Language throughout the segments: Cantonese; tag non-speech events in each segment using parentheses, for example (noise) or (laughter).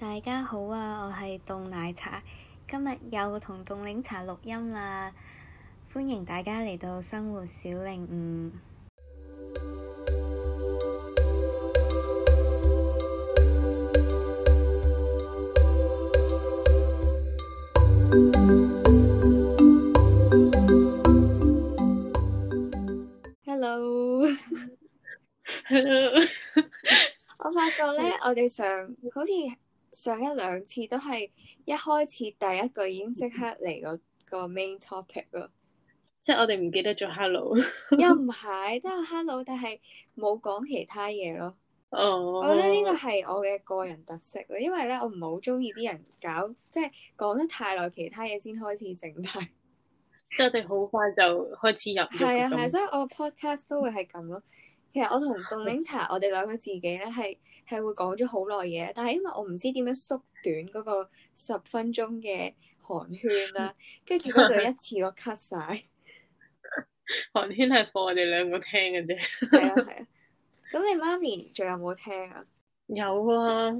大家好啊！我係凍奶茶，今日又同凍檸茶錄音啦，歡迎大家嚟到生活小領悟。Hello，hello，我發覺咧，我哋上好似。上一兩次都係一開始第一句，已經刻即刻嚟個個 main topic 咯，即係我哋唔記得咗 hello，又唔係都係 hello，但係冇講其他嘢咯。我覺得呢個係我嘅個人特色咯，因為咧我唔好中意啲人，搞即係講得太耐其他嘢先開始正題， (laughs) 即係我哋好快就開始入。係 (laughs) 啊係、啊，所以我個 podcast (laughs) 都會係咁咯。其實我同凍檸茶，我哋兩個自己咧係係會講咗好耐嘢，但係因為我唔知點樣縮短嗰個十分鐘嘅寒暄啦，跟住 (laughs) 結果就一次過 cut 晒。 (laughs) 寒暄係放我哋兩個聽嘅啫。係啊係啊，咁、啊、你媽咪仲有冇聽啊？有啊，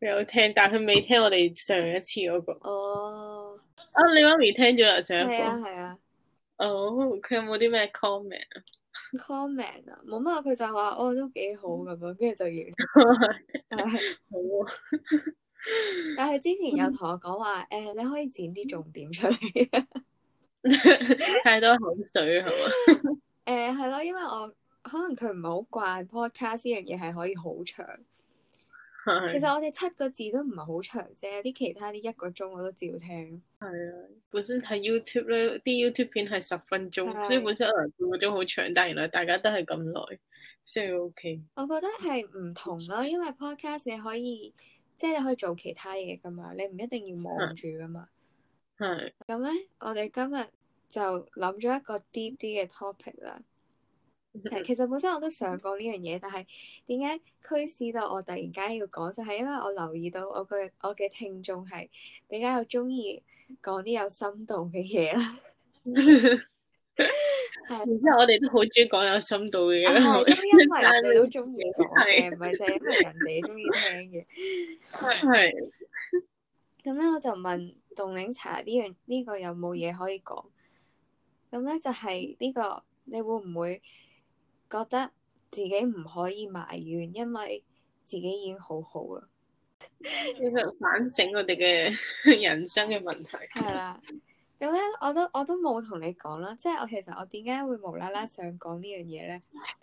有聽，但係佢未聽我哋上一次嗰、那個。哦、oh. 啊，啊你媽咪聽咗啦上一次？係啊係啊。哦，佢有冇啲咩 comment 啊？Oh, Comment 啊，冇乜，佢就話哦都幾好咁樣，跟住就完。係 (laughs) 是，好啊。但係之前有同我講話，誒、呃，你可以剪啲重點出嚟。 (laughs) (laughs) 太多口水好啊。誒、 (laughs) (laughs) 呃，係咯，因為我可能佢唔係好慣 podcast 呢樣嘢係可以好長。其實我哋七個字都唔係好長啫，啲其他啲一個鐘我都照聽。係啊，本身睇 YouTube 咧，啲 YouTube 片係十分鐘，所以本身可能半個鐘好長，但係原來大家都係咁耐，所以 OK。我覺得係唔同咯，因為 Podcast 你可以，即係你可以做其他嘢噶嘛，你唔一定要望住噶嘛。係。咁咧，我哋今日就諗咗一個 deep 啲嘅 topic 啦。係，其實本身我都想講呢樣嘢，但係點解驅使到我突然間要講，就係因為我留意到我嘅我嘅聽眾係比較中意講啲有深度嘅嘢啦。係、 (laughs) (laughs) 嗯，然之後我哋都好中意講有深度嘅嘢， (laughs) 因為我哋都中意講嘅，唔係淨係因為人哋中意聽嘅。係。咁咧，我就問凍檸茶呢樣呢個有冇嘢可以講？咁咧就係呢個，你會唔會覺得自己唔可以埋怨，因為自己已經好好啦。其 (laughs) 實反省我哋嘅人生嘅問題係啦。咁咧， (laughs) 我都我都冇同你講啦。即係我其實我點解會無啦啦想講呢樣嘢咧？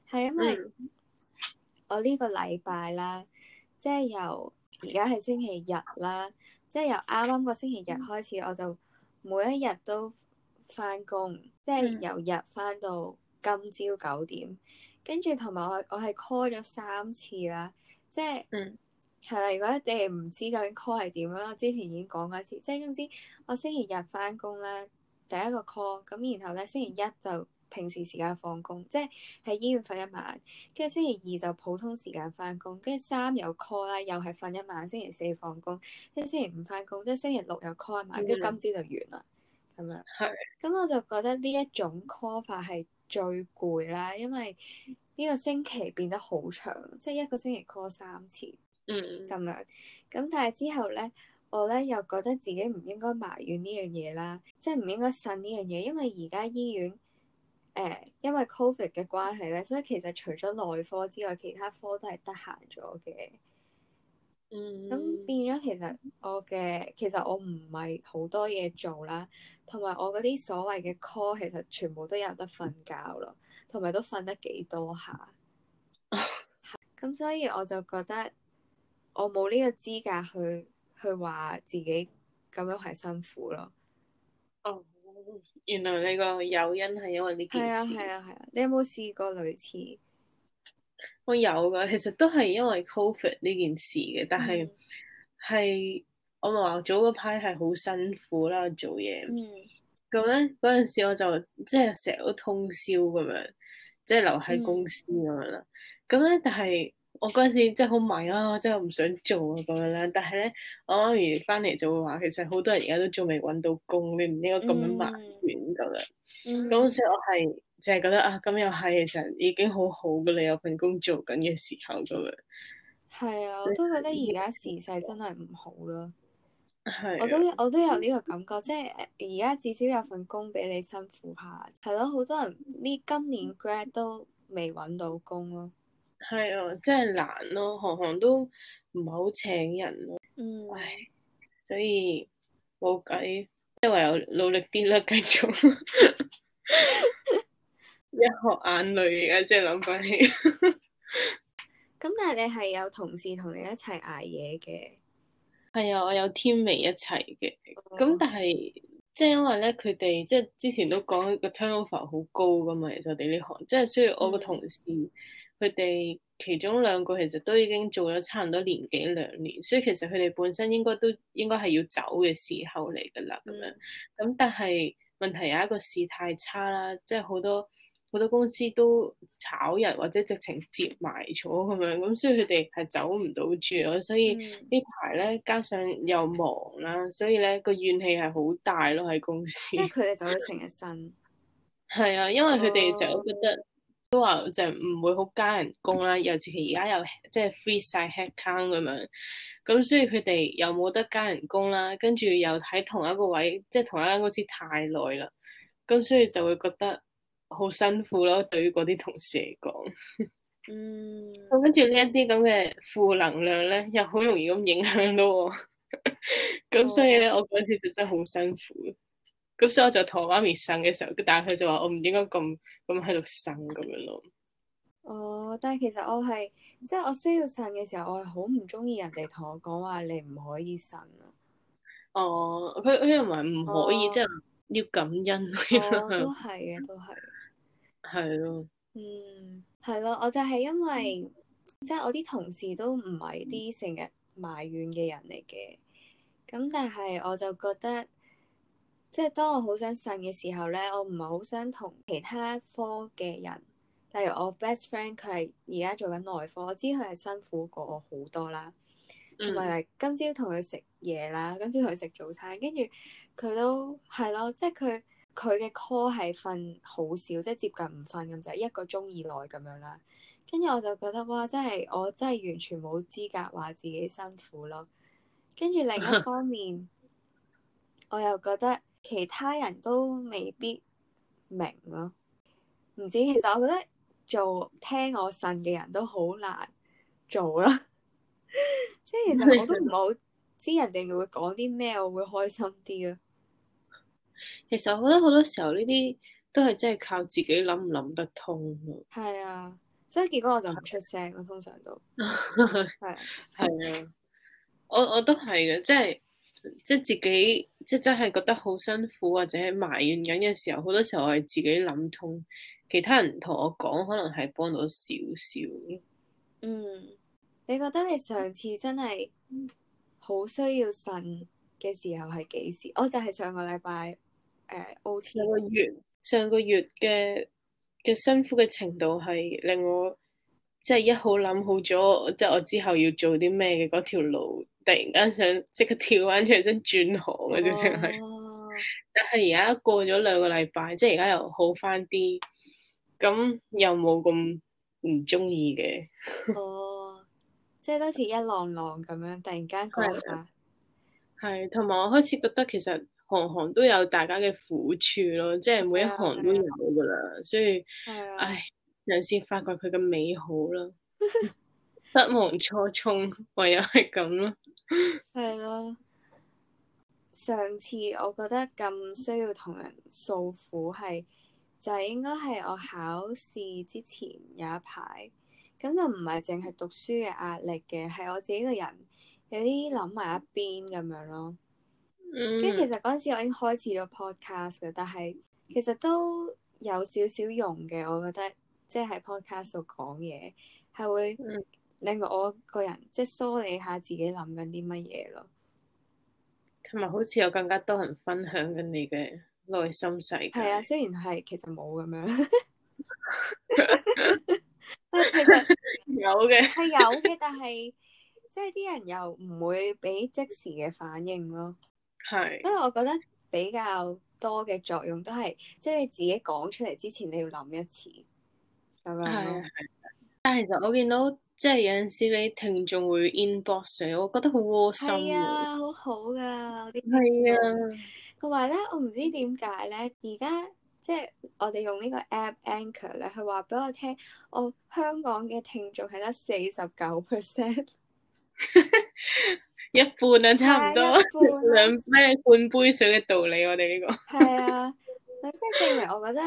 係因為我呢個禮拜啦，mm. 即係由而家係星期日啦，即係由啱啱個星期日開始，mm. 我就每一日都翻工，mm. 即係由日翻到。今朝九點，跟住同埋我，我係 call 咗三次啦，即係嗯係啦。如果你哋唔知究竟 call 係點樣，我之前已經講過一次，即係總之我星期日翻工啦，第一個 call 咁，然後咧星期一就平時時間放工，即係喺醫院瞓一晚，跟住星期二就普通時間翻工，跟住三 call，又 call 啦，又係瞓一晚，星期四放工，跟住星期五翻工，即係星期六又 call 一晚，跟住、嗯、今朝就完啦，咁樣係咁我就覺得呢一種 call 法係，最攰啦，因為呢個星期變得好長，即係一個星期 call 三次，嗯，咁樣，咁但係之後呢，我呢又覺得自己唔應該埋怨呢樣嘢啦，即係唔應該呻呢樣嘢，因為而家醫院誒、呃，因為 covid 嘅關係呢，所以其實除咗內科之外，其他科都係得閒咗嘅。嗯，咁變咗其實我嘅，其實我唔係好多嘢做啦，同埋我嗰啲所謂嘅 call，其實全部都有得瞓覺咯，同埋都瞓得幾多下，咁、啊、 (laughs) 所以我就覺得我冇呢個資格去去話自己咁樣係辛苦咯。哦，原來你個誘因係因為呢件事。係啊係啊係啊，啊。你有冇試過類似？我有噶，其實都係因為 COVID 呢件事嘅，但係係、嗯、我咪話早嗰排係好辛苦啦做嘢，咁咧嗰陣時我就即係成日都通宵咁樣，即係留喺公司咁樣啦，咁咧、嗯、但係我嗰陣時真係好迷啊，我真係唔想做啊咁樣啦，但係咧我媽咪翻嚟就會話，其實好多人而家都仲未搵到工，你唔應該咁樣埋怨咁樣，嗰陣時我係。就係覺得啊咁又係，其實已經好好噶啦，有份工做緊嘅時候咁樣。係啊，我都覺得而家時勢真係唔好咯。係、啊。我都我都有呢個感覺，即係而家至少有份工俾你辛苦下。係咯、啊，好多人呢今年 grad、嗯、都未搵到工咯。係啊，真係難咯，行行都唔係好請人咯。嗯。唉，所以冇計，即係唯有努力啲啦，繼續。 (laughs) (laughs) 一學眼淚嘅，即係諗翻起。咁 (laughs) 但係你係有同事同你一齊捱夜嘅？係啊，我有 teammate 一齊嘅。咁、哦、但係即係因為咧，佢哋即係之前都講個 turnover 好高噶嘛，其實我哋呢行即係、就是、所以我嘅同事佢哋、嗯、其中兩個其實都已經做咗差唔多年幾兩年，所以其實佢哋本身應該都應該係要走嘅時候嚟噶啦。咁樣咁但係問題有一個事太差啦，即係好多，好多公司都炒人或者直情接埋咗，咁樣，咁所以佢哋係走唔到住咯、嗯。所以呢排咧，加上又忙啦，所以咧個怨氣係好大咯喺公司。佢哋走咗成日薪。係 (laughs) 啊，因為佢哋成日都覺得，oh. 都話就唔會好加人工啦，尤其是而家又即係、就是、free 晒 headcount 咁樣，咁所以佢哋又冇得加人工啦，跟住又喺同一個位，即、就、係、是、同一間公司太耐啦，咁所以就會覺得。好辛苦咯，對於嗰啲同事嚟講， (laughs) 嗯，咁跟住呢一啲咁嘅負能量咧，又好容易咁影響到我，咁 (laughs) 所以咧，哦、我嗰次就真係好辛苦，咁所以我就同我媽咪呻嘅時候，但係佢就話我唔應該咁咁喺度呻咁樣咯。哦，但係其實我係即係我需要呻嘅時候，我係好唔中意人哋同我講話你唔可以呻啊。哦，佢佢唔係唔可以，即係要感恩。都係嘅，都係。都係咯，嗯，係咯，我就係因為、嗯、即係我啲同事都唔係啲成日埋怨嘅人嚟嘅，咁、嗯、但係我就覺得即係當我好想呻嘅時候咧，我唔係好想同其他科嘅人，例如我 best friend 佢係而家做緊內科，我知佢係辛苦過我好多啦，同埋、嗯、今朝同佢食嘢啦，今朝同佢食早餐，跟住佢都係咯，即係佢。佢嘅 call 係瞓好少，即係接近唔瞓咁就一個鐘以內咁樣啦。跟住我就覺得哇，真係我真係完全冇資格話自己辛苦咯。跟住另一方面， (laughs) 我又覺得其他人都未必明咯。唔知其實我覺得做聽我呻嘅人都好難做啦。即 (laughs) 係其實我都唔係好知人哋會講啲咩，我會開心啲咯。其實我覺得好多時候呢啲都係真係靠自己諗唔諗得通咯。係 (noise) 啊，所以結果我就唔出聲咯，通常都係係 (noise) 啊，我我都係嘅，即係即係自己即係真係覺得好辛苦或者埋怨緊嘅時候，好多時候我係自己諗通，其他人同我講可能係幫到少少咯。嗯，你覺得你上次真係好需要神嘅時候係幾時？我、oh, 就係上個禮拜。誒、uh，上個月上個月嘅嘅辛苦嘅程度係令我即係一好諗好咗，即係我之後要做啲咩嘅嗰條路，突然間想即刻跳翻轉身轉行嘅啫，係。但係而家過咗兩個禮拜，即係而家又好翻啲，咁又冇咁唔中意嘅。哦 (laughs) ，oh. 即係當時一浪浪咁樣，突然間過嚟係係，同埋 (laughs) 我開始覺得其實。行行都有大家嘅苦處咯，即係每一行都有噶啦，okay, 所以，的唉，人先發覺佢嘅美好啦， (laughs) 不忘初衷，唯有係咁咯。係咯，上次我覺得咁需要同人訴苦，係就係、是、應該係我考試之前有一排，咁就唔係淨係讀書嘅壓力嘅，係我自己個人有啲諗埋一邊咁樣咯。跟住、嗯、其實嗰陣時我已經開始咗 podcast 嘅，但係其實都有少少用嘅，我覺得即係喺 podcast 度講嘢係會令我我個人即係、就是、梳理下自己諗緊啲乜嘢咯，同埋好似有更加多人分享緊你嘅內心世界。係啊，雖然係其實冇咁樣，但係其實有嘅係有嘅的，但係即係啲人又唔會俾即時嘅反應咯。係，因為我覺得比較多嘅作用都係，即係你自己講出嚟之前你要諗一次，咁但係其實我見到，即係有陣時你聽眾會 inbox 我覺得好窩心啊，好好噶。係啊，同埋咧，我唔的知點解咧，而家即係我哋用呢個 app anchor 咧，佢話俾我聽，我香港嘅聽眾係得四十九 percent。 (laughs) 一半啊，差唔多兩咩半，啊、半杯水嘅道理，我哋呢個係啊， (laughs) 即係證明我覺得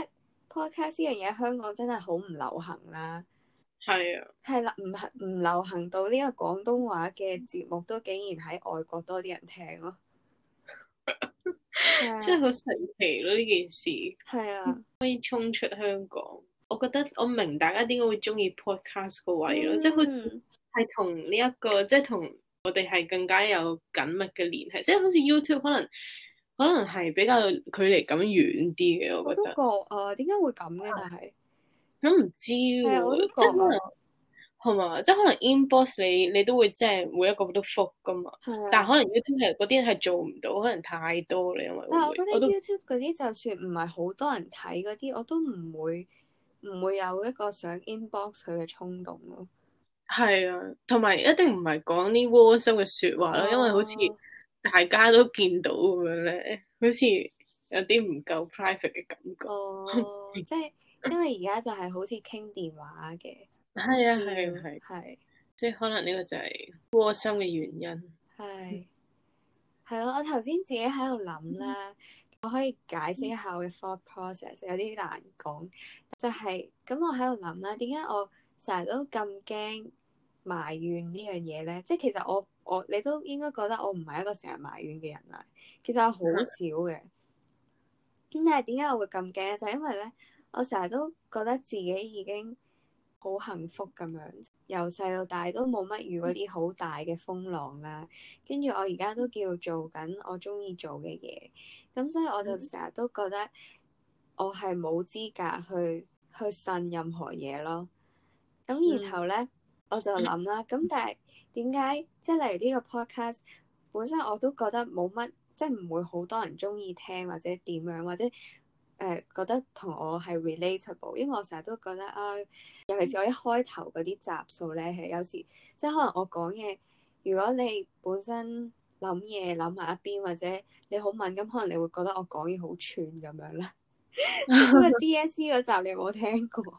podcast 呢樣嘢喺香港真係好唔流行啦。係啊，係啦，啊，唔唔流行到呢個廣東話嘅節目都竟然喺外國多啲人聽咯， (laughs) 真係好神奇咯，啊、呢件事。係啊，可以衝出香港，我覺得我明大家點解會中意 podcast 個位咯，即係佢係同呢一個即係同。我哋係更加有緊密嘅聯繫，即係好似 YouTube 可能可能係比較距離咁遠啲嘅，我覺得。我都覺啊，點解會咁嘅？啊，但係啊都唔知啊，真係係嘛？即係可能 inbox 你，你都會即係每一個都覆噶嘛？的但係可能 YouTube 係嗰啲係做唔到，可能太多啦，因為。但係我覺得 YouTube 嗰啲就算唔係好多人睇嗰啲，我都唔會唔會有一個想 inbox 佢嘅衝動咯。係啊，同埋一定唔係講啲窩心嘅說話咯，oh. 因為好似大家都見到咁樣咧，好似有啲唔夠 private 嘅感覺，oh, 即係因為而家就係好似傾電話嘅，係 (laughs) 啊係啊係，係、啊，即係、啊啊啊、可能呢個就係窩心嘅原因，係、啊，係咯、啊，我頭先自己喺度諗啦， (laughs) 我可以解釋一下我嘅 thought process 有啲難講，就係、是、咁我喺度諗啦，點解我成日都咁驚？埋怨呢樣嘢呢，即係其實我我你都應該覺得我唔係一個成日埋怨嘅人啦。其實我好少嘅，咁但係點解我會咁驚咧？就因為呢，我成日都覺得自己已經好幸福咁樣，由細到大都冇乜遇過啲好大嘅風浪啦。跟住我而家都叫做做緊我中意做嘅嘢，咁所以我就成日都覺得我係冇資格去去信任何嘢咯。咁然後呢。嗯我就諗啦，咁但係點解？即係例如呢個 podcast 本身我都覺得冇乜，即係唔會好多人中意聽或者點樣，或者誒、呃、覺得同我係 relatable。因為我成日都覺得啊，尤其是我一開頭嗰啲集數咧，係有時即係可能我講嘢，如果你本身諗嘢諗埋一邊，或者你好敏感，可能你會覺得我講嘢好串咁樣啦。嗰 (laughs) 個 DSC 嗰集你有冇聽過？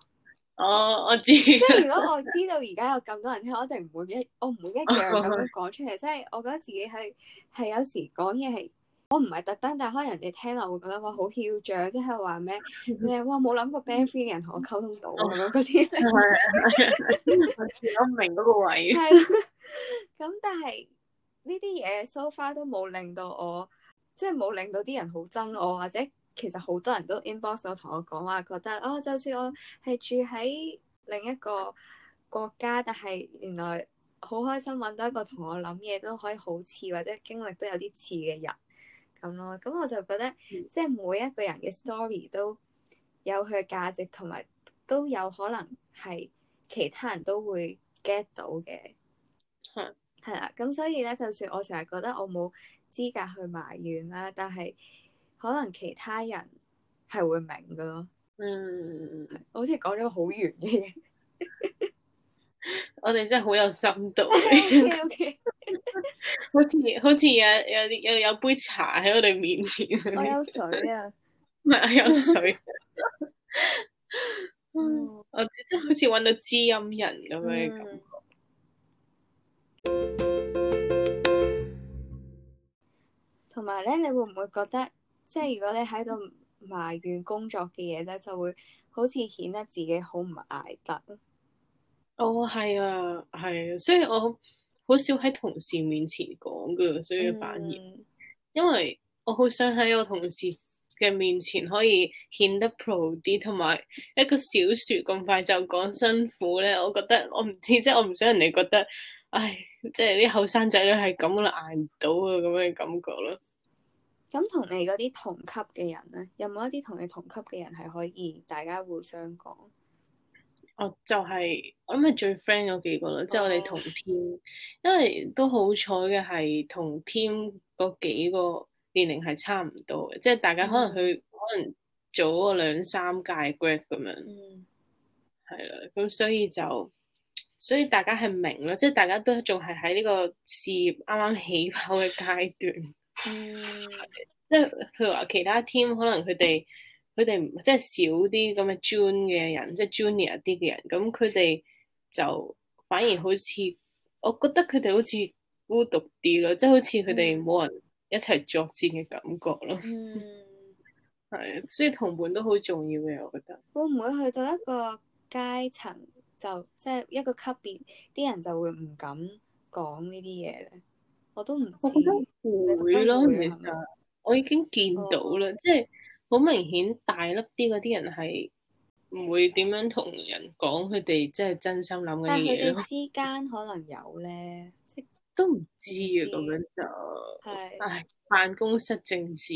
哦，我知。 (laughs) 即係如果我知道而家有咁多人聽，我一定唔會一，我唔會一樣咁樣講出嚟。Oh, hi. 即係我覺得自己係係有時講嘢係，我唔係特登，但可能人哋聽落會覺得我好囂張，即係話咩咩，我冇諗過 Band 3嘅人同我溝通到咁樣嗰啲，我明嗰個位。係咁， (laughs) 但係呢啲嘢 so far 都冇令到我，即係冇令到啲人好憎我或者。其實好多人都 inbox 我同我講話，覺得哦，就算我係住喺另一個國家，但係原來好開心揾到一個同我諗嘢都可以好似，或者經歷都有啲似嘅人咁咯。咁我就覺得，嗯、即係每一個人嘅 story 都有佢嘅價值，同埋都有可能係其他人都會 get 到嘅。係啊、嗯，啦，咁所以呢，就算我成日覺得我冇資格去埋怨啦，但係。可能其他人係會明噶咯，嗯，我好似講咗個好遠嘅嘢，我哋真係好有深度，O K 好似好似有有有有杯茶喺我哋面前， (laughs) (laughs) (laughs) 我有水啊，唔係我有水，我真係好似搵到知音人咁樣嘅感覺，同埋咧，你會唔會覺得？即係如果你喺度埋怨工作嘅嘢咧，就會好似顯得自己好唔捱得哦，係啊，係啊，所以我好少喺同事面前講噶，所以反而，嗯、因為我好想喺我同事嘅面前可以顯得 pro 啲，同埋一個小説咁快就講辛苦咧，我覺得我唔知，即係我唔想人哋覺得，唉，即係啲後生仔女係咁啦，捱唔到啊咁樣嘅感覺咯。咁同你嗰啲同級嘅人咧，有冇一啲同你同級嘅人係可以大家互相講？我就係、是、我諗係最 friend 嗰幾個咯，即係的我哋同 team，因為都好彩嘅係同 team 嗰幾個年齡係差唔多嘅，即、就、係、是、大家可能去、嗯、可能早個兩三屆 grad 咁樣，係啦、嗯，咁所以就所以大家係明咯，即、就、係、是、大家都仲係喺呢個事業啱啱起跑嘅階段。 (laughs) 嗯，即係譬如話其他 team 可能佢哋佢哋唔即係少啲咁嘅 jun 嘅人，即係 junior 啲嘅人，咁佢哋就反而好似，我覺得佢哋好似孤獨啲咯，即係好似佢哋冇人一齊作戰嘅感覺咯。嗯，係啊， (laughs) 所以同伴都好重要嘅，我覺得。會唔會去到一個階層，就即係一個級別，啲人就會唔敢講呢啲嘢咧？我都唔知，我覺得會咯。其實我已經見到啦，哦、即係好明顯大粒啲嗰啲人係唔會點樣同人講佢哋即係真心諗嘅嘢，但佢哋之間可能有咧，即都唔知啊。咁樣就係，是唉，辦公室政治。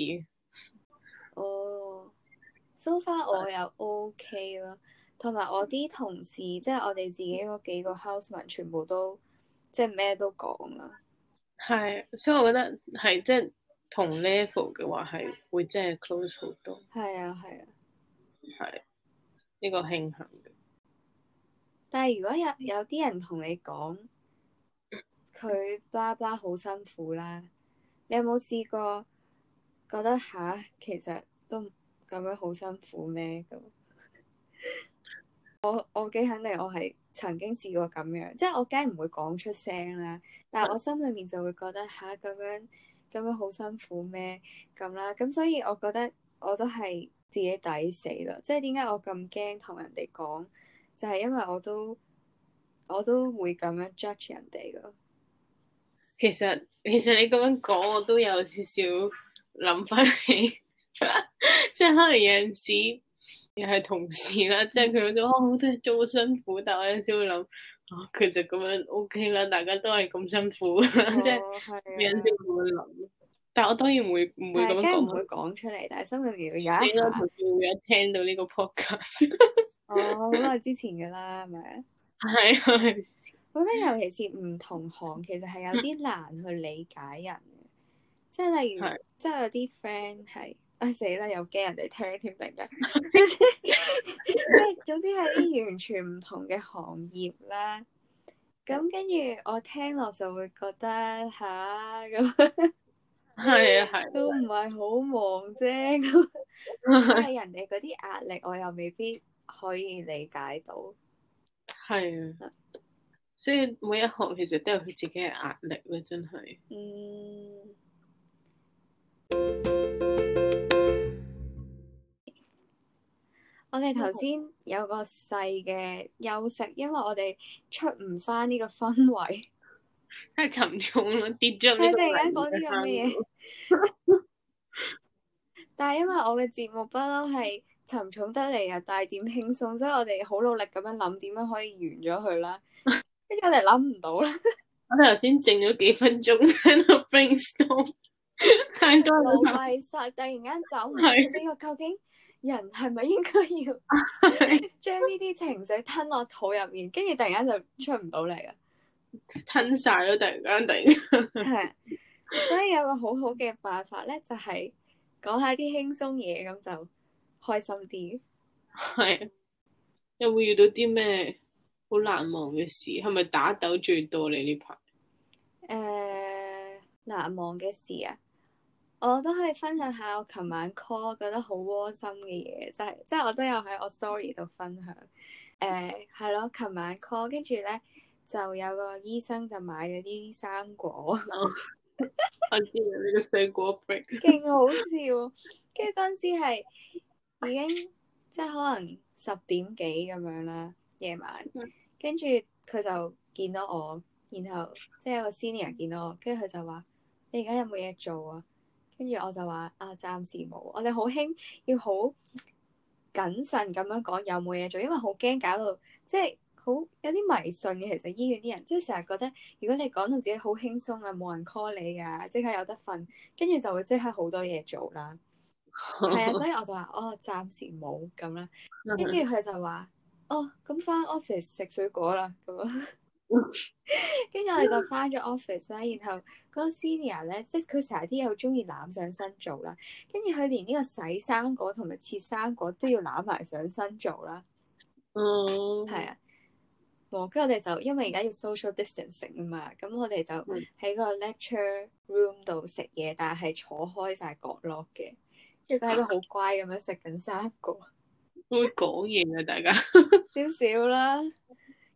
哦，so far 我又 OK 咯，同埋、嗯、我啲同事，即、就、係、是、我哋自己嗰幾個 houseman，全部都即係咩都講啦。係，所以我覺得係即係同 level 嘅話，係會即係 close 好多。係啊，係啊，係呢、這個慶幸嘅。但係如果有有啲人同你講，佢巴巴好辛苦啦，你有冇試過覺得吓、啊，其實都咁樣好辛苦咩？咁 (laughs) 我我幾肯定我係。曾經試過咁樣，即係我梗係唔會講出聲啦，但係我心裡面就會覺得吓，咁樣咁樣好辛苦咩咁啦，咁所以我覺得我都係自己抵死啦，即係點解我咁驚同人哋講，就係因為我都我都會咁樣 judge 人哋咯。其實其實你咁樣講，我都有少少諗翻起，即係可能有陣時。又係同事啦，即係佢有好多嘢做好辛苦，但我有陣時會諗，哦，佢就咁樣 OK 啦，大家都係咁辛苦，即係，有陣時會諗。但我當然唔會唔會咁樣講出嚟，但係心裏面有一同會唔一聽到呢個 podcast 哦，好耐之前噶啦，係咪？係，我覺得尤其是唔同行，其實係有啲難去理解人嘅。即係例如，即係有啲 friend 係。死啦、啊！又驚人哋聽添，明唔明？即係總之係啲完全唔同嘅行業啦。咁跟住我聽落就會覺得吓咁，係啊係， (laughs) 都唔係好忙啫。因 (laughs) 為人哋嗰啲壓力我又未必可以理解到。係啊，所以每一行其實都有佢自己嘅壓力咯，真係。嗯。我哋頭先有個細嘅休息，因為我哋出唔返呢個氛圍，太沉重咯，跌咗。你哋而家講啲咁嘅嘢， (laughs) 但係因為我嘅節目不嬲係沉重得嚟，又帶點輕鬆，所以我哋好努力咁樣諗點樣可以完咗佢啦。跟住我哋諗唔到啦。 (laughs) 我哋頭先靜咗幾分鐘，聽到 bring stop，好費煞，突然間走埋，呢的個究竟？人係咪應該要將呢啲情緒吞落肚入面，跟住突然間就出唔到嚟啊？吞晒咯，突然間突然間， (laughs) (laughs) 所以有個好好嘅辦法咧，就係、是、講下啲輕鬆嘢，咁就開心啲。係， (laughs) 有冇遇到啲咩好難忘嘅事？係咪打鬥最多你呢排？誒，uh, 難忘嘅事啊！我都可以分享下我琴晚 call 覺得好窩心嘅嘢，即係即係我都有喺我 story 度分享。誒、uh，係咯，琴晚 call 跟住咧就有個醫生就買咗啲生果。我知你個生果勁好笑，哦。跟住嗰時係已經即係可能十點幾咁樣啦，夜晚。跟住佢就見到我，然後即係有個 senior 見到我，跟住佢就話：你而家有冇嘢做啊？跟住我就話啊、哦，暫時冇。我哋好興要好謹慎咁樣講有冇嘢做，因為好驚搞到即係好有啲迷信嘅。其實醫院啲人即係成日覺得，如果你講到自己好輕鬆啊，冇人 call 你啊，即刻有得瞓，跟住就會即刻好多嘢做啦。係啊， (laughs) 所以我就話哦，暫時冇咁啦。跟住佢就話 (laughs) 哦，咁返 office 食水果啦咁啊。跟住 (laughs) 我哋就翻咗 office 啦，然後嗰個 senior 咧，即係佢成日啲嘢好中意攬上身做啦，跟住佢連呢個洗生果同埋切生果都要攬埋上身做啦。嗯，係啊，跟、哦、住我哋就因為而家要 social distancing 啊嘛，咁我哋就喺個 lecture room 度食嘢，但係坐開晒角落嘅，其實喺度好乖咁樣食緊生果。會講嘢㗎， (laughs) 大家少少啦。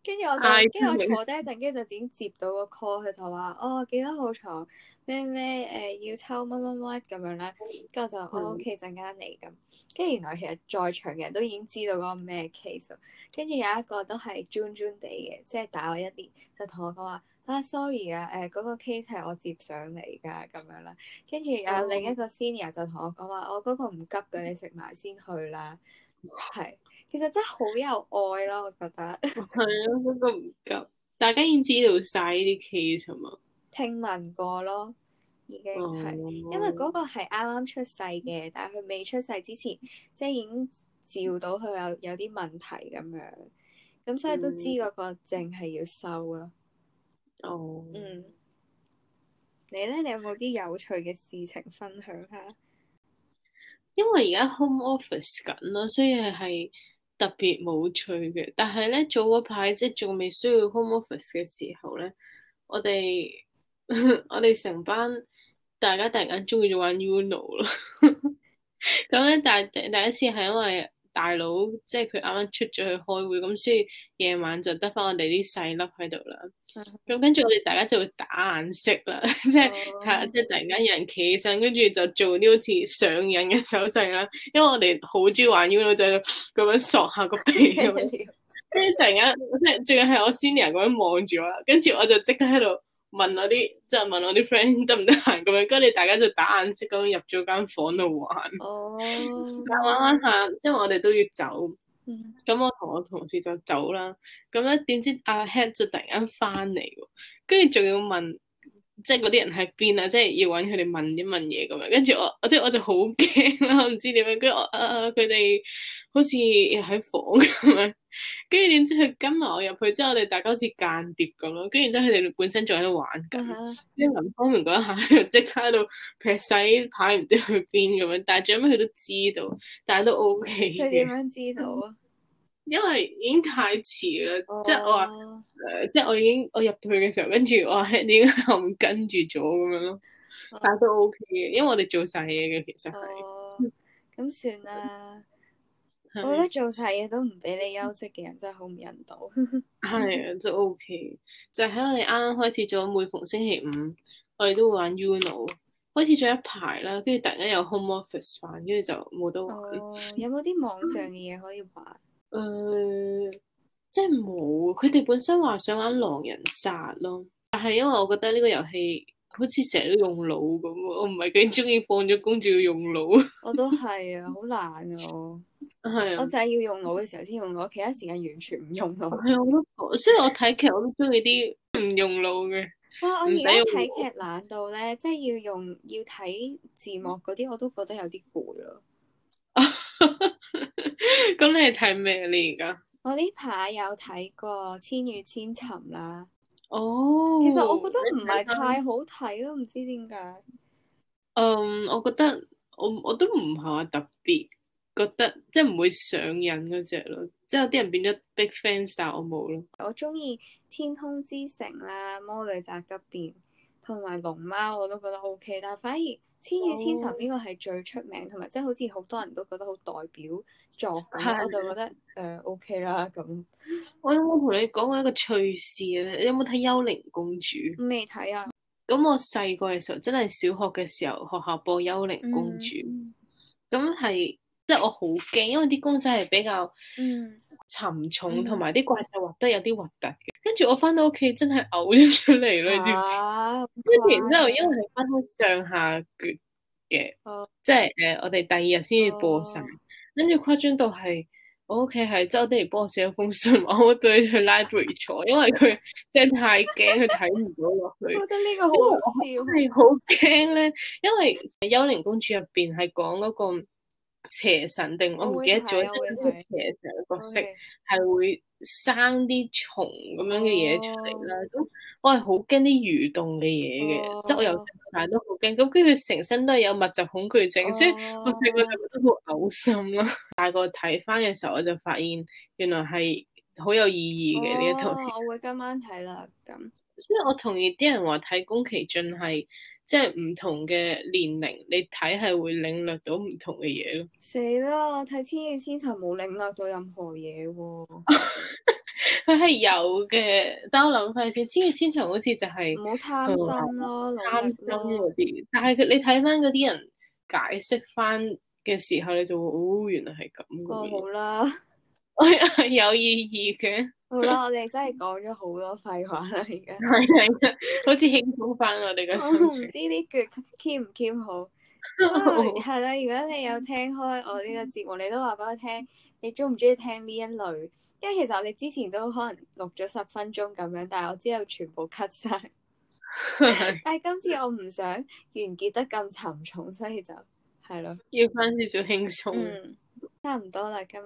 跟住我就，跟住唉我坐低一陣，跟住就已經接到個 call，佢就話：哦，幾多號牀？咩咩誒要抽乜乜乜咁樣咧？跟住我就：嗯、我 OK，陣間嚟咁。跟住原來其實在場嘅人都已經知道嗰個咩 case。跟住有一個都係 junior 哋嘅，即係大我一啲，就同我講話：啊，sorry 啊，誒、呃、嗰、那個 case 係我接上嚟㗎咁樣啦。跟住有另一個 senior 就同我講話：嗯、我嗰個唔急嘅，你食埋先去啦。係。其實真係好有愛咯，啊，我覺得係啊，不過唔急。大家已經知道晒呢啲 case 係嘛？聽聞過咯，已經係，哦、因為嗰個係啱啱出世嘅，但係佢未出世之前，即係已經照到佢有有啲問題咁樣，咁所以都知嗰個淨係要收咯。嗯、 (music) 哦，嗯，你咧，你有冇啲有，有趣嘅事情分享下？因為而家 home office 緊咯，所以係。特別冇趣嘅，但係咧早嗰排即係仲未需要 home office 嘅時候咧，我哋 (laughs) 我哋成班大家突然間中意咗玩 uno 啦。咁咧第第一次係因為大佬即係佢啱啱出咗去開會，咁所以夜晚就得返我哋啲細粒喺度啦。咁、嗯、跟住我哋大家就會打眼色啦，即係睇，即係突然間有人企起身，跟住就做啲好似上癮嘅手勢啦。因為我哋好中意玩 U 型就係咁樣索下個鼻，跟住突然間，即係仲要係我 Senior 咁樣望住我，跟住我就即刻喺度問我啲，即係問我啲 friend 得唔得閒咁樣，跟住大家就打眼色咁樣入咗間房度玩，玩玩下，因為我哋都要走。咁、嗯、我同我同事就走啦，咁咧，點知阿 head 就突然間翻嚟，跟住仲要問，即係嗰啲人喺邊啊，即係要搵佢哋問啲問嘢咁樣，跟住我，即係我就好驚啦，唔 (laughs) 知點樣，跟住我啊，佢哋。好似喺房咁樣，跟住點知佢跟埋我入去之後，我哋大家好似間諜咁樣。跟住之後佢哋本身仲喺度玩緊，即、uh huh. 林方明嗰一下即刻喺度劈晒牌，唔知去邊咁樣。但係最尾佢都知道，但係都 OK 嘅。佢點樣知道啊？因為已經太遲啦、oh.，即係我話，即係我已經我入到去嘅時候，已經跟住我係點解我唔跟住咗咁樣咯？但係都 OK 嘅，因為我哋做晒嘢嘅其實係。咁、oh. oh. 算啦。是我覺得做晒嘢都唔俾你休息嘅人真係好唔人道，係 (laughs) 啊，都 OK。就喺我哋啱啱開始咗，每逢星期五，我哋都會玩、y、Uno。開始咗一排啦，跟住突然間有 home office 翻，跟住就冇得玩。哦、有冇啲網上嘅嘢可以玩？誒、 (laughs) 呃，即係冇。佢哋本身話想玩狼人殺咯，但係因為我覺得呢個遊戲好似成日都用腦咁，我唔係幾中意放咗工仲要用腦。 (laughs) (laughs) 我都係啊，好難啊。係，我就係要用腦嘅時候先用腦，其他時間完全唔用腦。係我都，雖然我睇劇我都中意啲唔用腦嘅，我而家睇劇懶到咧，即係要用要睇字幕嗰啲，我都覺得有啲攰咯。咁 (laughs) 你係睇咩咧而家？我呢排有睇過《千與千尋》啦。哦，oh, 其實我覺得唔係太好睇咯，唔知點解。嗯，um, 我覺得我我都唔係話特別。覺得即係唔會上癮嗰隻咯，即係有啲人變咗 big fans，但我冇咯。我中意《天空之城》啦、《魔女宅急便》同埋《龍貓》，我都覺得 O K。但反而《千與千尋》呢個係最出名，同埋、哦、即係好似好多人都覺得好代表作咁，的我就覺得誒 O K 啦咁。我有冇同你講過一個趣事咧？你有冇睇《幽靈公主》？未睇啊！咁我細個嘅時候，真係小學嘅時候，學校播《幽靈公主》嗯，咁係。即係我好驚，因為啲公仔係比較沉重，同埋啲怪獸畫得有啲核突嘅。跟住我翻到屋企真係嘔咗出嚟喇，你知唔知？跟住、啊、然之後，因為係分上下卷嘅，啊、即係誒，我哋第二日先至播晒。跟住誇張到係我屋企係周啲怡幫我寫咗封信，我冇佢去 library 坐，因為佢真係太驚，佢睇唔到落去。我覺得呢個好好笑，係好驚咧，因為《幽靈公主》入邊係講嗰個。邪神定我唔記得咗，oh, 會邪神嘅角色係會生啲蟲咁樣嘅嘢出嚟啦。咁、oh. 我係好驚啲蠕動嘅嘢嘅，oh. 即係我由細到大都好驚。咁跟住成身都係有密集恐懼症，oh. 所以我成個都好嘔心囉。 (laughs) 大個睇翻嘅時候，我就發現原來係好有意義嘅呢、oh. 一套片。Oh. 我會今晚睇啦，咁。所以我同意啲人話睇宮崎駿係。即係唔同嘅年齡，你睇係會領略到唔同嘅嘢咯。死啦！我睇千與千尋冇領略到任何嘢喎。佢係 (laughs) 有嘅，但我諗翻千與千尋好似就係唔好貪心咯，貪心嗰啲。但係你睇翻嗰啲人解釋翻嘅時候，你就會哦，原來係咁、哦。好啦。係 (laughs) 有意義嘅。好啦，我哋真係講咗好多廢話啦，而家好似輕鬆翻我哋嘅心情。我唔知呢句 cut 唔 cut 好係啦。 (laughs) 如果你有聽開我呢個節目，你都話俾我聽，你中唔中意聽呢一類？因為其實我哋之前都可能錄咗十分鐘咁樣，但係我之後全部 cut 晒。 (laughs) (laughs) 但係，今次我唔想完結得咁沉重，所以就係咯，要翻少少輕鬆。差唔多啦，今日。